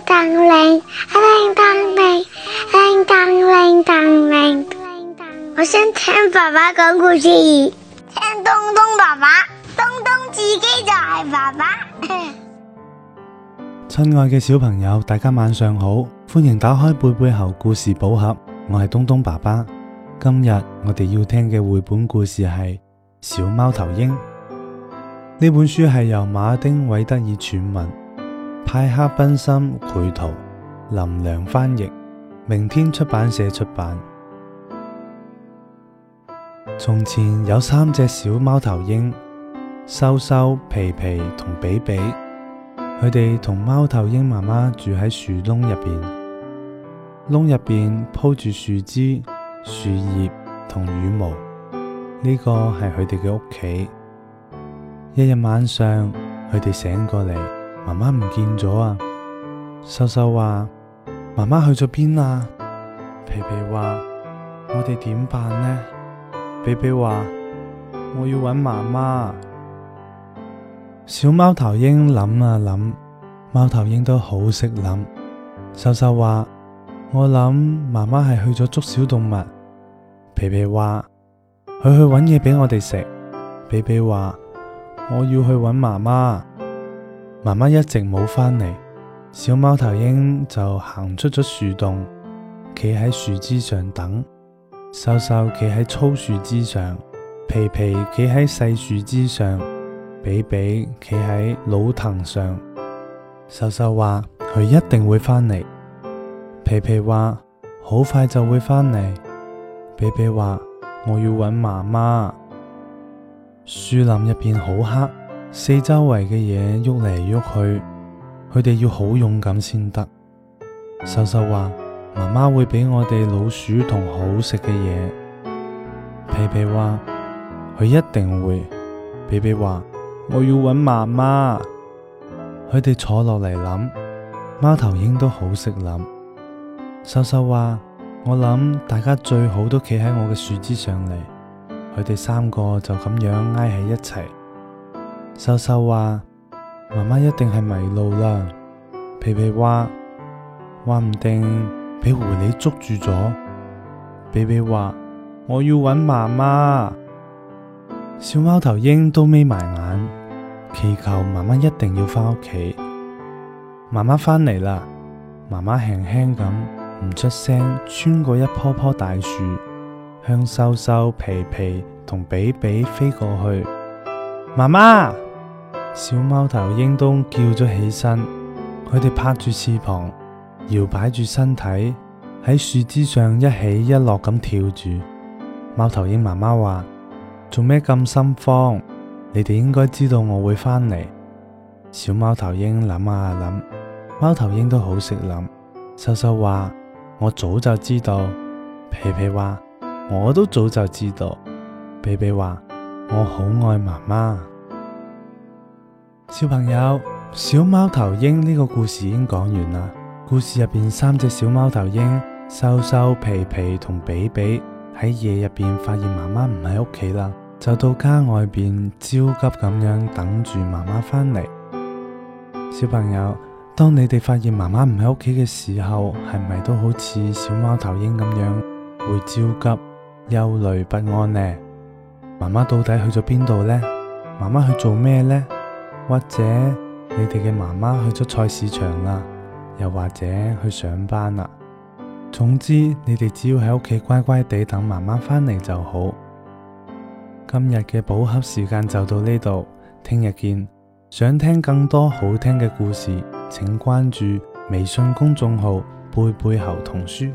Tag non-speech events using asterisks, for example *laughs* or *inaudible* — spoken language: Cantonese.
彿彿彿彿彿我想聽爸爸講故事，聽東東爸爸，東東自己就係爸爸。親 *laughs* 愛嘅小朋友，大家晚上好，歡迎打開貝貝猴故事寶盒，我係東東爸爸。今日我哋要聽嘅繪本故事係《小貓頭鷹》。呢本書係由馬丁·韋德爾撰文。派克賓森繪圖，林良翻譯，明天出版社出版。從前有三隻小貓頭鷹，秀秀、皮皮同比比，佢哋同貓頭鷹媽媽住喺樹窿入邊，窿入邊鋪住樹枝、樹葉同羽毛，呢、這個係佢哋嘅屋企。一日晚上，佢哋醒過嚟。媽媽唔見咗啊！秀秀話：媽媽去咗邊啊？皮皮話：我哋點辦呢？比比話：我要搵媽媽。小貓頭鷹諗啊諗，貓頭鷹都好識諗。秀秀話：我諗媽媽係去咗捉小動物。皮皮話：佢去搵嘢俾我哋食。比比話：我要去搵媽媽。媽媽一直冇返嚟，小貓頭鷹就行出咗樹洞，企喺樹枝上等。秀秀企喺粗樹枝上，皮皮企喺細樹枝上，比比企喺老藤上。秀秀話，佢一定會返嚟，皮皮話，好快就會返嚟，比比話，我要搵媽媽。樹林入邊好黑。四周圍嘅嘢喐嚟喐去，佢哋要好勇敢先得。秀秀話：媽媽會俾我哋老鼠同好食嘅嘢。皮皮話：佢一定會。皮皮話：我要搵媽媽。佢哋坐落嚟諗，貓頭鷹都好識諗。秀秀話：我諗大家最好都企喺我嘅樹枝上嚟。佢哋三個就咁樣挨喺一齊。秀秀話：媽媽一定係迷路啦。皮皮話：話唔定俾狐狸捉住咗。比比話：我要搵媽媽。小貓頭鷹都眯埋眼，祈求媽媽一定要翻屋企。媽媽翻嚟啦！媽媽輕輕咁唔出聲，穿過一棵棵大樹，向秀秀、皮皮同比比飛過去。媽媽。小貓頭鷹都叫咗起身，佢哋拍住翅膀，搖擺住身體，喺樹枝上一起一落咁跳住。貓頭鷹媽媽話：做咩咁心慌？你哋應該知道我會翻嚟。小貓頭鷹諗啊諗，貓頭鷹都好識諗。秀秀話：我早就知道。皮皮話：我都早就知道。比比話：我好愛媽媽。小朋友，小貓頭鷹呢個故事已經講完啦。故事入邊三隻小貓頭鷹秀秀、皮皮同比比喺夜入邊發現媽媽唔喺屋企啦，就到家外邊焦急咁樣等住媽媽返嚟。小朋友，當你哋發現媽媽唔喺屋企嘅時候，係咪都好似小貓頭鷹咁樣會焦急、憂慮、不安呢？媽媽到底去咗邊度呢？媽媽去做咩呢？或者你哋嘅媽媽去咗菜市場啦，又或者去上班啦。總之，你哋只要喺屋企乖乖地等媽媽返嚟就好。今日嘅寶盒時間就到呢度，聽日見。想聽更多好聽嘅故事，請關注微信公眾號“貝貝猴童書”。